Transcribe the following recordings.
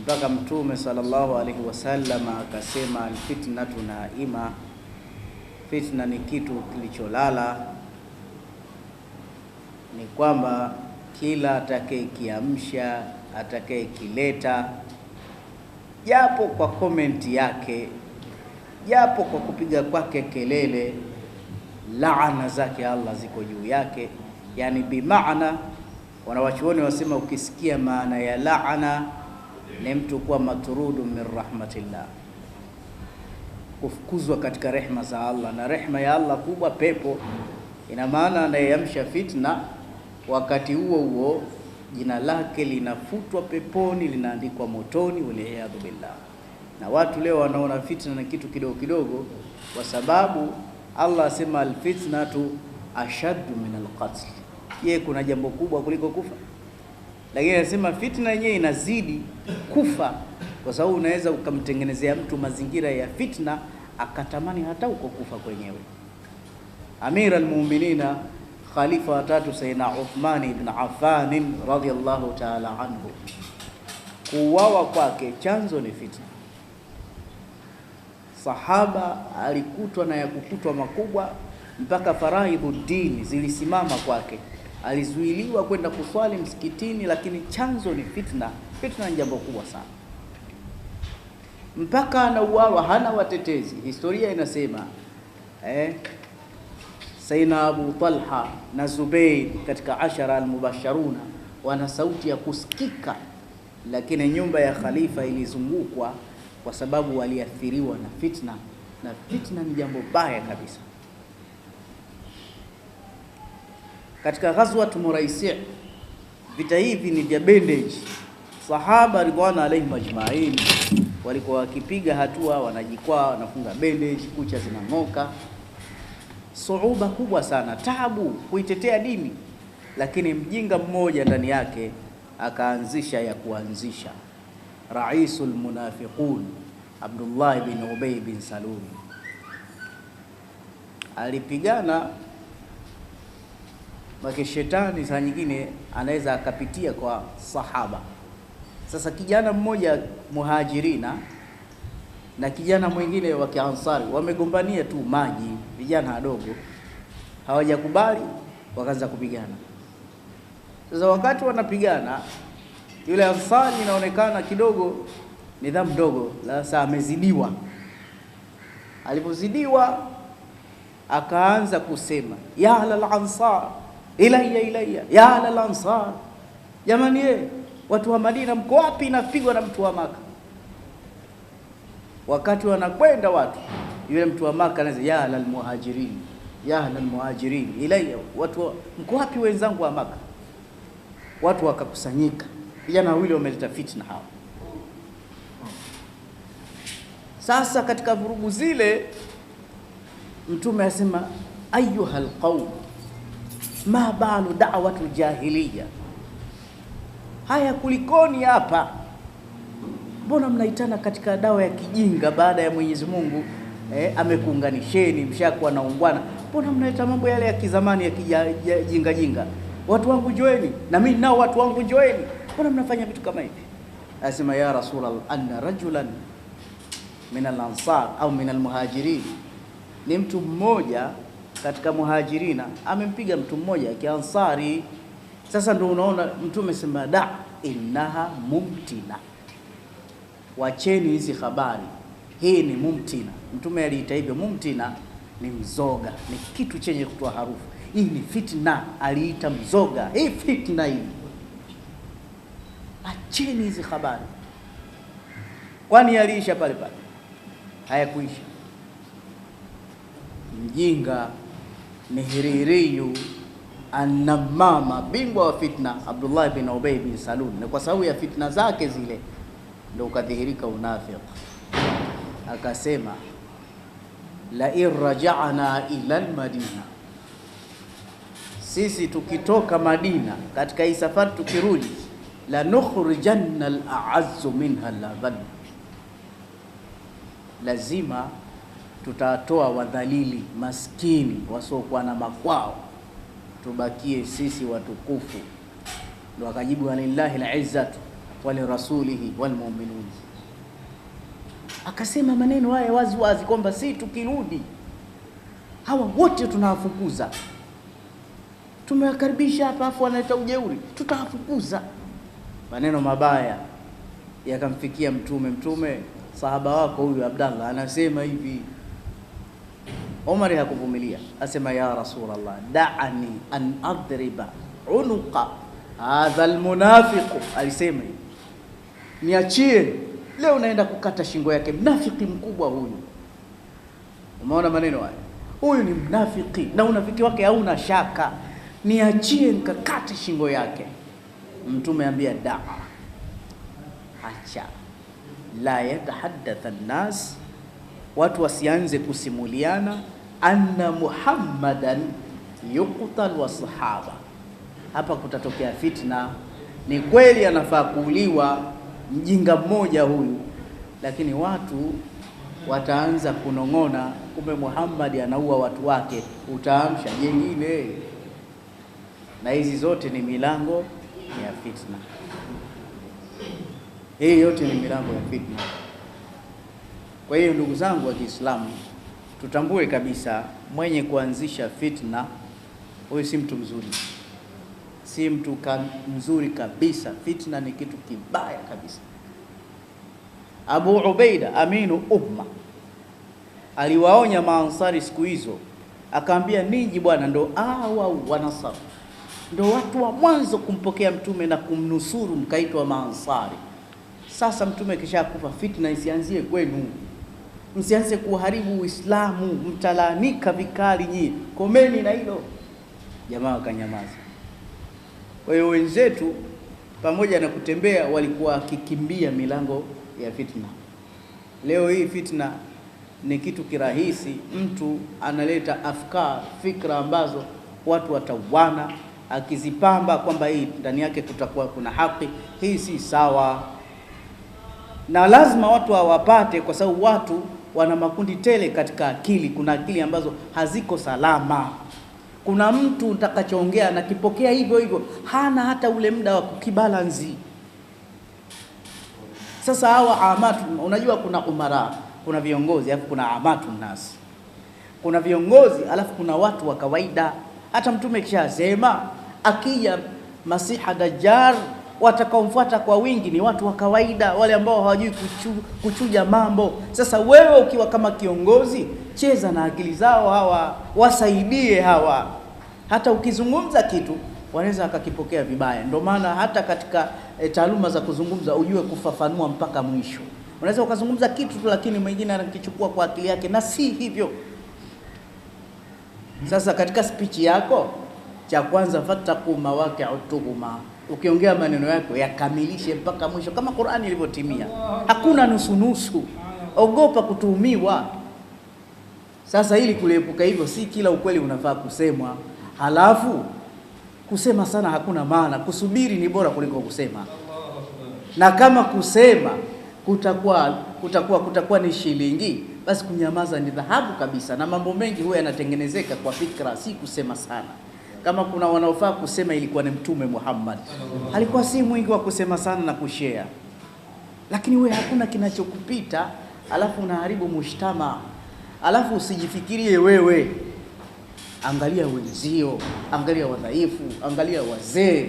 mpaka Mtume sallallahu alaihi wasallam akasema, alfitna tunaima, fitna ni kitu kilicholala. Ni kwamba kila atakayekiamsha, atakayekileta, japo kwa komenti yake, japo kwa kupiga kwake kelele, laana zake Allah ziko juu yake. Yani bimaana, wanawachuoni wasema, ukisikia maana ya laana ni mtu kuwa matrudu min rahmatillah, kufukuzwa katika rehma za Allah. Na rehma ya Allah kubwa, pepo. Ina maana anayeyamsha fitna, wakati huo huo jina lake linafutwa peponi, linaandikwa motoni, waliyadhu billah. Na watu leo wanaona fitna na kitu kidogo kidogo, kwa sababu Allah asema alfitnatu ashaddu min alqatl. Je, kuna jambo kubwa kuliko kufa? lakini anasema fitna yenyewe inazidi kufa, kwa sababu unaweza ukamtengenezea mtu mazingira ya fitna akatamani hata uko kufa kwenyewe. Amira almuminina khalifa wa tatu Sayyidina Uthman ibn Affan radhiyallahu ta'ala anhu, kuuawa kwake chanzo ni fitna. Sahaba alikutwa na yakukutwa makubwa, mpaka faraidhu dini zilisimama kwake alizuiliwa kwenda kuswali msikitini, lakini chanzo ni fitna. Fitna ni jambo kubwa sana, mpaka anauawa, hana watetezi. Historia inasema eh, Saina Abu Talha na zubeir katika ashara almubasharuna wana sauti ya kusikika, lakini nyumba ya khalifa ilizungukwa kwa sababu waliathiriwa na fitna, na fitna ni jambo baya kabisa. katika ghazwat tumuraisi Vita hivi ni vya bandage. Sahaba ridwana alaihim ajmain walikuwa wakipiga hatua, wanajikwaa, wanafunga bandage, kucha zinang'oka. Suuba kubwa sana, tabu kuitetea dini, lakini mjinga mmoja ndani yake akaanzisha ya kuanzisha raisul munafiqun Abdullah bin Ubay bin Salul alipigana Maki shetani saa nyingine anaweza akapitia kwa sahaba. Sasa kijana mmoja muhajirina na kijana mwingine wa Kiansari wamegombania tu maji, vijana wadogo hawajakubali, wakaanza kupigana. Sasa wakati wanapigana, yule Ansari inaonekana kidogo nidhamu ndogo, sasa amezidiwa. Alipozidiwa akaanza kusema ya ahlal ansar ilaya ilaya ya ala lansar. Jamani ye eh, watu wa Madina, mko wapi? Inapigwa na mtu wa Maka. Wakati wanakwenda watu, yule mtu wa Maka anaanza ya ala almuhajirin ya ala almuhajirin ilaya, watu mko wapi wenzangu wa Maka? Watu wakakusanyika, vijana wawili wameleta fitna hawa. Sasa katika vurugu zile, Mtume asema ayuha alqaum ma balu da'watu jahiliya, haya kulikoni hapa? Mbona mnaitana katika dawa ya kijinga baada ya Mwenyezi Mungu eh, amekuunganisheni mshakuwa na ungwana? Mbona mnaita mambo yale ya kizamani ya kijinga jinga? Watu wangu njoeni, na mimi nao watu wangu njoeni. Mbona mnafanya vitu kama hivi? Asema ya Rasulullah, anna rajulan min al-ansar au min al-muhajirin, ni mtu mmoja katika muhajirina amempiga mtu mmoja kiansari. Sasa ndio unaona mtume sema da innaha mumtina, wacheni hizi habari, hii ni mumtina. Mtume aliita hivyo. Mumtina ni mzoga, ni kitu chenye kutoa harufu. Hii ni fitna, aliita mzoga. Hii fitna hii, acheni hizi habari. Kwani aliisha pale pale? Hayakuisha. Mjinga Mihiririyu Annamama, bingwa wa fitna, Abdullah bin Ubay bin Salul, na kwa sababu ya fitna zake zile ndio ukadhihirika unafiq. Akasema, la in raja'na ila lmadina sisi tukitoka Madina katika hii safari tukirudi, la nukhrijanna al-a'azzu minha al-adhall, lazima tutatoa wadhalili maskini wasiokuwa na makwao, tubakie sisi watukufu. Ndo akajibu walillahi lizzatu walirasulihi walmuminun. Akasema maneno haya wazi wazi kwamba si tukirudi hawa wote tunawafukuza, tumewakaribisha hapa, afu wanaleta ujeuri, tutawafukuza. Maneno mabaya yakamfikia Mtume. Mtume, sahaba wako huyu Abdallah anasema hivi Omar hakuvumilia, asema ya Rasulullah, daani an adriba unuqa hadha almunafiqu. Alisema niachie leo, naenda kukata shingo yake mnafiki mkubwa huyu. Umeona maneno haya, huyu ni mnafiki na unafiki wake hauna shaka, niachie nikakate shingo yake. Mtume ambia daa acha la yatahaddatha nnas, watu wasianze kusimuliana anna Muhammadan yuqtal wa sahaba. Hapa kutatokea fitna. Ni kweli anafaa kuuliwa mjinga mmoja huyu, lakini watu wataanza kunong'ona, kumbe Muhammad anaua watu wake, utaamsha jengine, na hizi zote ni milango ya fitna. Hii yote ni milango ya fitna. Kwa hiyo ndugu zangu wa Kiislamu tutambue kabisa mwenye kuanzisha fitna huyu si mtu mzuri, si mtu ka, mzuri kabisa. Fitna ni kitu kibaya kabisa. Abu Ubaida aminu umma aliwaonya maansari siku hizo, akaambia ninyi bwana ndo awa wanasara ndo watu wa mwanzo kumpokea mtume na kumnusuru mkaitwa maansari. Sasa mtume kufa, fitna isianzie kwenu msianze kuharibu Uislamu, mtalaanika vikali nyie, komeni na hilo. Jamaa wakanyamaza. Kwa hiyo wenzetu, pamoja na kutembea, walikuwa wakikimbia milango ya fitna. Leo hii fitna ni kitu kirahisi, mtu analeta afkar, fikra ambazo watu watauana, akizipamba kwamba hii ndani yake kutakuwa kuna haki, hii si sawa, na lazima watu hawapate, kwa sababu watu wana makundi tele katika akili. Kuna akili ambazo haziko salama. Kuna mtu utakachoongea nakipokea hivyo hivyo, hana hata ule muda wa kukibalansi. Sasa hawa amatu, unajua kuna umara, kuna viongozi alafu kuna amatu nasi, kuna viongozi alafu kuna watu wa kawaida. Hata Mtume kishasema akija Masiha Dajjal watakaomfuata kwa wingi ni watu wa kawaida, wale ambao hawajui kuchu, kuchuja mambo. Sasa wewe ukiwa kama kiongozi, cheza na akili zao hawa, wasaidie hawa. Hata ukizungumza kitu wanaweza wakakipokea vibaya. Ndio maana hata katika e, taaluma za kuzungumza ujue kufafanua mpaka mwisho. Unaweza ukazungumza kitu tu, lakini mwingine anakichukua kwa akili yake na si hivyo. Sasa katika spichi yako, cha kwanza, fattaqu mawaqi'ut tuhuma ukiongea maneno yako yakamilishe mpaka mwisho, kama Qur'ani ilivyotimia. Hakuna nusunusu, ogopa kutuhumiwa. Sasa ili kuliepuka hivyo, si kila ukweli unafaa kusemwa, halafu kusema sana hakuna maana. Kusubiri ni bora kuliko kusema, na kama kusema kutakuwa kutakuwa kutakuwa ni shilingi, basi kunyamaza ni dhahabu kabisa. Na mambo mengi huwa yanatengenezeka kwa fikra, si kusema sana kama kuna wanaofaa kusema ilikuwa ni Mtume Muhammad. Alikuwa si mwingi wa kusema sana na kushare, lakini we hakuna kinachokupita alafu unaharibu mushtama, alafu usijifikirie wewe, angalia wenzio, angalia wadhaifu, angalia wazee,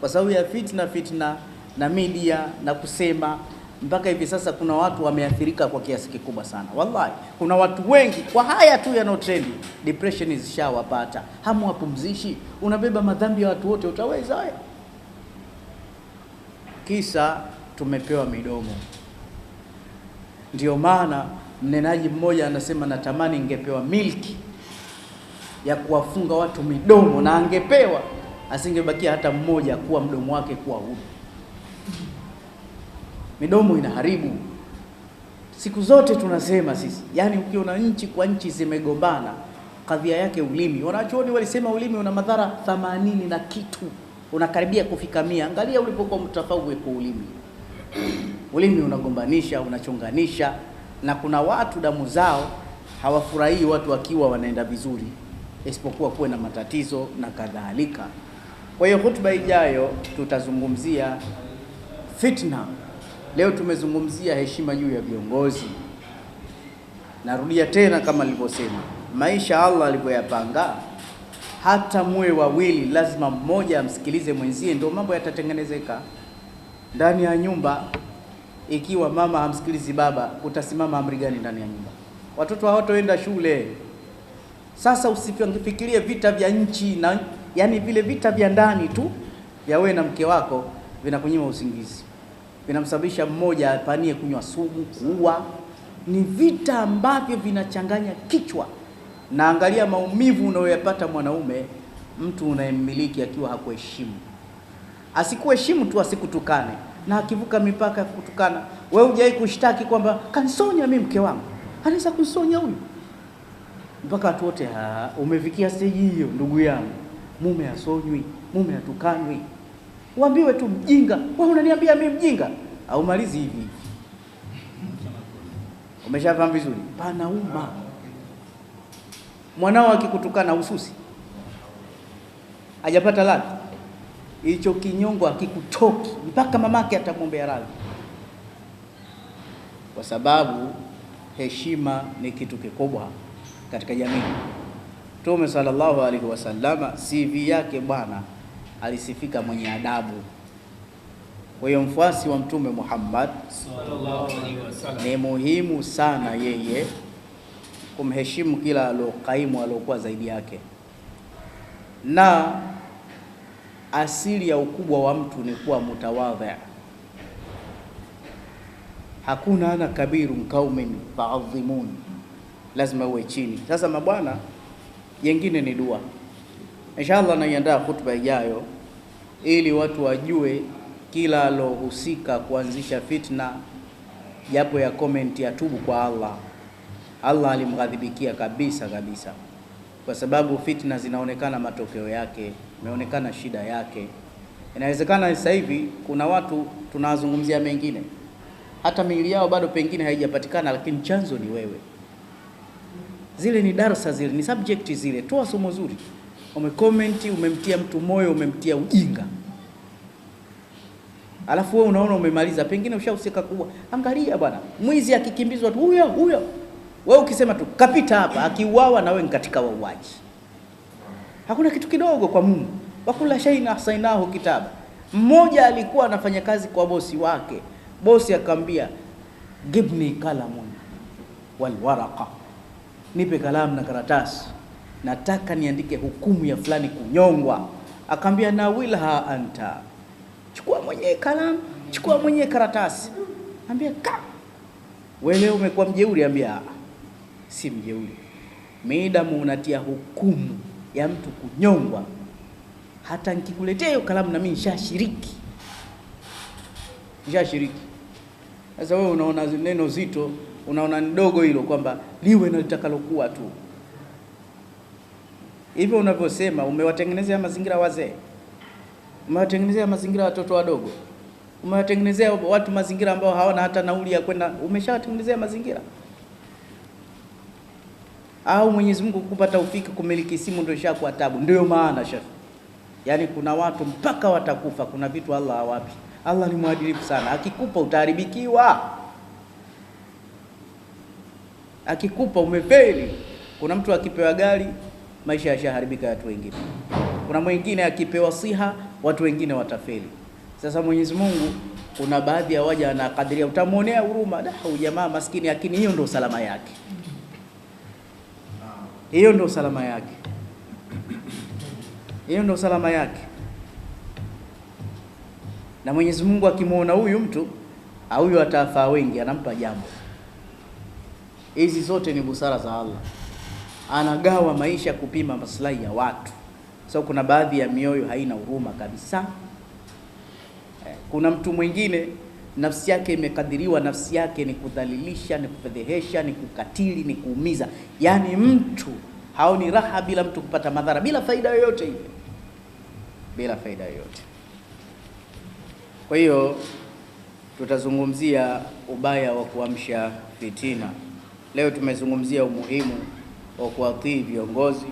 kwa sababu ya fitna fitna na media na kusema mpaka hivi sasa kuna watu wameathirika kwa kiasi kikubwa sana. Wallahi, kuna watu wengi kwa haya tu yanaotrendi, depression zishawapata, wapumzishi unabeba madhambi ya watu wote, utaweza we? Kisa tumepewa midomo. Ndiyo maana mnenaji mmoja anasema, natamani ningepewa milki ya kuwafunga watu midomo, na angepewa asingebakia hata mmoja kuwa mdomo wake kuwa huru midomo inaharibu. Siku zote tunasema sisi, yani ukiona nchi kwa nchi zimegombana, kadhia yake ulimi. Wanachuoni walisema ulimi una madhara thamanini na kitu, unakaribia kufika mia. Angalia ulipokuwa mtafawwe kwa ulimi. Ulimi unagombanisha, unachonganisha, na kuna watu damu zao hawafurahii watu wakiwa wanaenda vizuri, isipokuwa kuwe na matatizo na kadhalika. Kwa hiyo, hutuba ijayo tutazungumzia fitna. Leo tumezungumzia heshima juu ya viongozi. Narudia tena kama nilivyosema, maisha Allah alivyoyapanga, hata muwe wawili, lazima mmoja amsikilize mwenzie, ndio mambo yatatengenezeka ndani ya nyumba. Ikiwa mama hamsikilizi baba, utasimama amri gani ndani ya nyumba? Watoto hawatoenda shule. Sasa usifikirie vita vya nchi na, yani vile vita vya ndani tu vya wewe na mke wako vinakunyima usingizi vinamsababisha mmoja apanie kunywa sumu, kuua. Ni vita ambavyo vinachanganya kichwa, na angalia maumivu unayoyapata mwanaume, mtu unayemmiliki akiwa hakuheshimu. Asikuheshimu tu, asikutukane na akivuka mipaka ya kutukana. Wewe hujawahi kushtaki kwamba kansonya mimi, mke wangu anaweza kunsonya huyu, mpaka watu wote ah, umefikia steji hiyo, ndugu yangu, mume asonywi, mume atukanwi waambiwe tu mjinga. Wewe unaniambia mimi mjinga? Au malizi hivi hivi. Umeshafahamu vizuri, panauma. Mwanao akikutukana ususi, hajapata radhi, hicho kinyongo akikutoki mpaka mamake atamwombea radhi, kwa sababu heshima ni kitu kikubwa katika jamii. Mtume sallallahu alaihi wasallama CV yake bwana alisifika mwenye adabu. Kwa hiyo mfuasi wa Mtume Muhammad ni muhimu sana yeye kumheshimu kila alokaimu aliokuwa zaidi yake, na asili ya ukubwa wa mtu ni kuwa mutawadhi. Hakuna ana kabiru kaumin faadhimun, lazima uwe chini. Sasa mabwana, yengine ni dua Inshallah naiandaa khutba ijayo ili watu wajue kila alohusika kuanzisha fitna, japo ya comment ya tubu kwa Allah, Allah alimghadhibikia kabisa kabisa, kwa sababu fitna zinaonekana matokeo yake, imeonekana shida yake. Inawezekana sasa hivi kuna watu tunawazungumzia mengine, hata miili yao bado pengine haijapatikana, lakini chanzo ni wewe. Zile ni darsa, zile ni subject, zile toa somo zuri umekomenti, umemtia mtu moyo, umemtia ujinga, alafu wewe unaona umemaliza, pengine ushahusika kubwa. Angalia bwana, mwizi akikimbizwa tu huyo huyo, wewe ukisema tu kapita hapa, akiuawa na wewe katika wauaji. Hakuna kitu kidogo kwa Mungu. wakula shaina ahsainahu kitaba. Mmoja alikuwa anafanya kazi kwa bosi wake, bosi akamwambia gibni kalamun walwaraqa, nipe kalamu na karatasi nataka niandike hukumu ya fulani kunyongwa. Akaambia wilha anta, chukua mwenyewe kalamu, chukua mwenyewe karatasi. Ambia ka wewe umekuwa mjeuri? Ambia ah, si mjeuri, midamu unatia hukumu ya mtu kunyongwa. Hata nikikuletea hiyo kalamu, nami nishashiriki, nishashiriki. Sasa wewe unaona neno zito, unaona ndogo hilo, kwamba liwe na litakalokuwa tu hivyo unavyosema, umewatengenezea mazingira wazee, umewatengenezea mazingira watoto wadogo, umewatengenezea watu mazingira ambao hawana hata nauli ya kwenda, umeshawatengenezea mazingira. Au Mwenyezi Mungu kukupa taufiki kumiliki simu ndio ishakuwa tabu. Ndio maana shekhi, yaani kuna watu mpaka watakufa, kuna vitu Allah hawapi. Allah ni mwadilifu sana, akikupa utaharibikiwa, akikupa umefeli. Kuna mtu akipewa gari maisha yashaharibika ya watu wengine. Kuna mwingine akipewa siha, watu wengine watafeli. Sasa Mwenyezi Mungu, kuna baadhi ya waja anakadiria, utamwonea huruma, da jamaa maskini, lakini hiyo ndio salama yake, hiyo ndio salama yake, hiyo ndio salama yake. Na Mwenyezi Mungu akimwona huyu mtu huyu atafaa wengi, anampa jambo. Hizi zote ni busara za Allah anagawa maisha kupima maslahi ya watu. So kuna baadhi ya mioyo haina huruma kabisa. Eh, kuna mtu mwingine nafsi yake imekadiriwa, nafsi yake ni kudhalilisha, ni kufedhehesha, ni kukatili, ni kuumiza, yaani mtu haoni raha bila mtu kupata madhara, bila faida yoyote ile, bila faida yoyote. Kwa hiyo tutazungumzia ubaya wa kuamsha fitina. Leo tumezungumzia umuhimu wa kuwatii viongozi,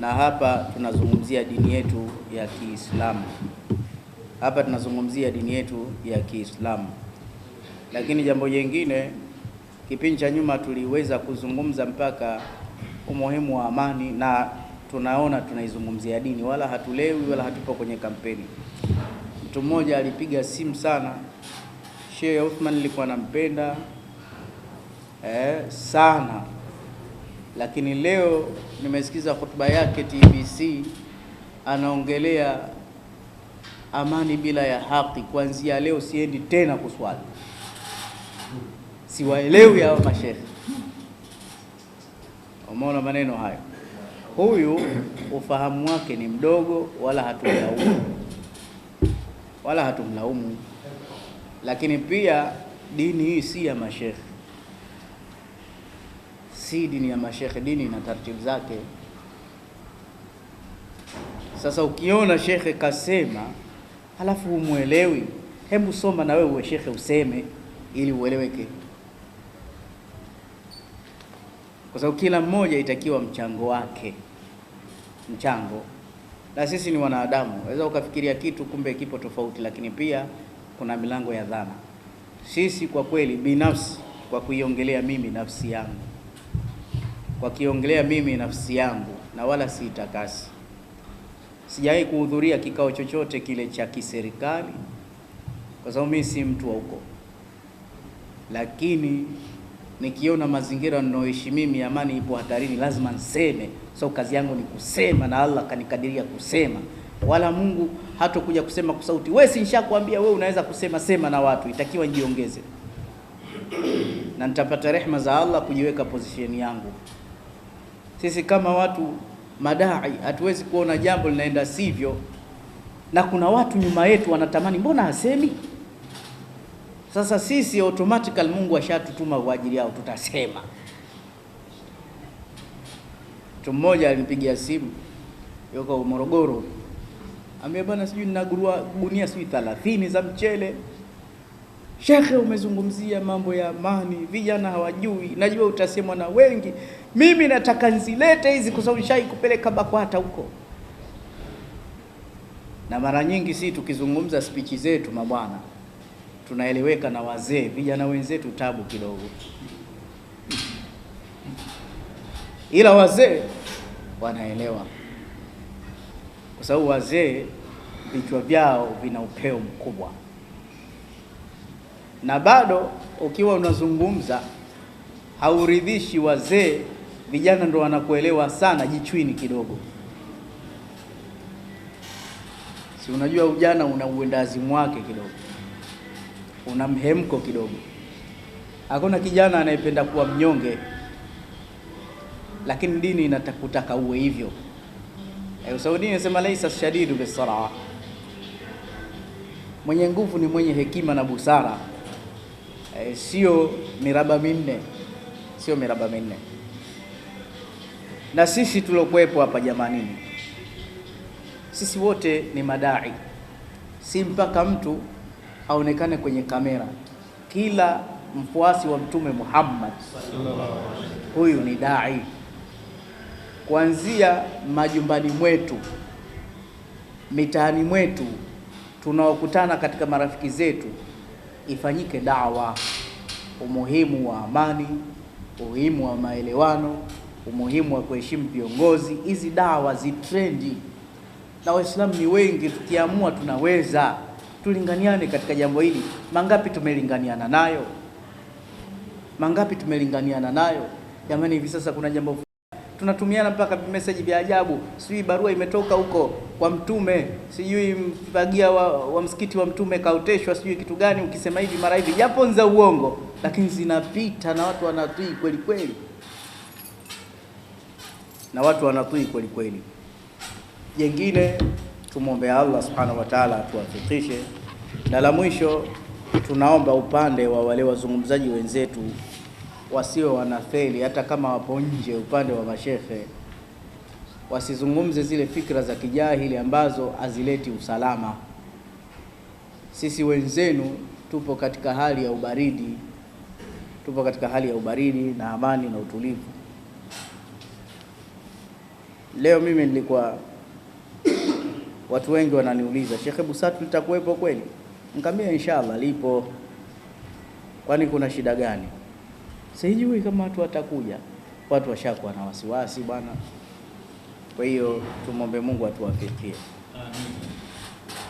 na hapa tunazungumzia dini yetu ya Kiislamu. Hapa tunazungumzia dini yetu ya Kiislamu. Lakini jambo jingine, kipindi cha nyuma tuliweza kuzungumza mpaka umuhimu wa amani, na tunaona tunaizungumzia dini, wala hatulewi wala hatupo kwenye kampeni. Mtu mmoja alipiga simu sana, Sheikh Uthman, nilikuwa nampenda eh, sana lakini leo nimesikiza hotuba yake TBC, anaongelea amani bila ya haki. Kuanzia leo siendi tena kuswali, siwaelewi hawa mashehe. Umeona maneno hayo? Huyu ufahamu wake ni mdogo, wala hatumlaumu, wala hatumlaumu, lakini pia dini hii si ya mashehe si dini ya mashekhe, dini na taratibu zake. Sasa ukiona shekhe kasema halafu humwelewi, hebu soma na wewe uwe shekhe useme ili ueleweke, kwa sababu kila mmoja itakiwa mchango wake, mchango na sisi ni wanadamu, waweza ukafikiria kitu kumbe kipo tofauti, lakini pia kuna milango ya dhana. Sisi kwa kweli, binafsi, kwa kuiongelea mimi nafsi yangu kiongelea mimi nafsi yangu na wala si takasi. Sijawahi kuhudhuria kikao chochote kile cha kiserikali kwa sababu mimi si mtu wa huko, lakini nikiona mazingira ninaoishi mimi, amani ipo hatarini, lazima niseme. So kazi yangu ni kusema, na Allah kanikadiria kusema, wala Mungu hatokuja kusema kwa sauti. Wewe si nishakwambia wewe unaweza kusema, sema na watu, itakiwa njiongeze na nitapata rehma za Allah kujiweka position yangu. Sisi kama watu madai hatuwezi kuona jambo linaenda sivyo, na kuna watu nyuma yetu wanatamani, mbona hasemi? Sasa sisi automatically Mungu ashatutuma kwa ajili yao, tutasema. Mtu mmoja alinipigia simu, yuko Morogoro, ambia bwana, sijui nina gunia sijui 30 za mchele Shekhe, umezungumzia mambo ya amani, vijana hawajui. Najua utasemwa na wengi. Mimi nataka nzilete hizi kwa sababu nishai kupeleka BAKWATA huko, na mara nyingi si tukizungumza spichi zetu mabwana, tunaeleweka na wazee. Vijana wenzetu tabu kidogo, ila wazee wanaelewa, kwa sababu wazee vichwa vyao vina upeo mkubwa na bado ukiwa unazungumza hauridhishi wazee, vijana ndo wanakuelewa sana, jichwini kidogo. Si unajua ujana una uendazi mwake kidogo, una mhemko kidogo. Hakuna kijana anayependa kuwa mnyonge, lakini dini inatakutaka uwe hivyo. Kwa sababu inasema laisa shadidu bisara, mwenye nguvu ni mwenye hekima na busara eh, sio miraba minne, sio miraba minne. Na sisi tuliokuwepo hapa jamanini, sisi wote ni madai, si mpaka mtu aonekane kwenye kamera. Kila mfuasi wa Mtume Muhammad huyu ni dai, kuanzia majumbani mwetu, mitaani mwetu, tunaokutana katika marafiki zetu ifanyike dawa, umuhimu wa amani, umuhimu wa maelewano, umuhimu wa kuheshimu viongozi. Hizi dawa zitrendi, na Waislamu ni wengi, tukiamua tunaweza. Tulinganiane katika jambo hili. Mangapi tumelinganiana nayo? Mangapi tumelinganiana nayo? Jamani, hivi sasa kuna jambo tunatumiana mpaka message vya ajabu, sijui barua imetoka huko kwa mtume, sijui mfagia wa, wa msikiti wa mtume kaoteshwa, sijui kitu gani, ukisema hivi mara hivi, japo za uongo, lakini zinapita na watu wanatii kweli kweli, na watu wanatii kweli kweli. Jengine tumwombea Allah subhanahu wa ta'ala atuwafikishe, na la mwisho tunaomba upande wa wale wazungumzaji wenzetu wasiwe wanafeli, hata kama wapo nje upande wa mashehe, wasizungumze zile fikra za kijahili ambazo hazileti usalama. Sisi wenzenu tupo katika hali ya ubaridi, tupo katika hali ya ubaridi na amani na utulivu. Leo mimi nilikuwa watu wengi wananiuliza Shekhe busatu litakuwepo kweli? Nikamwambia inshallah lipo, kwani kuna shida gani? Sijui kama watu watakuja, watu washakuwa na wasiwasi bwana. Kwa hiyo tumwombe Mungu atuwafikie. Amen.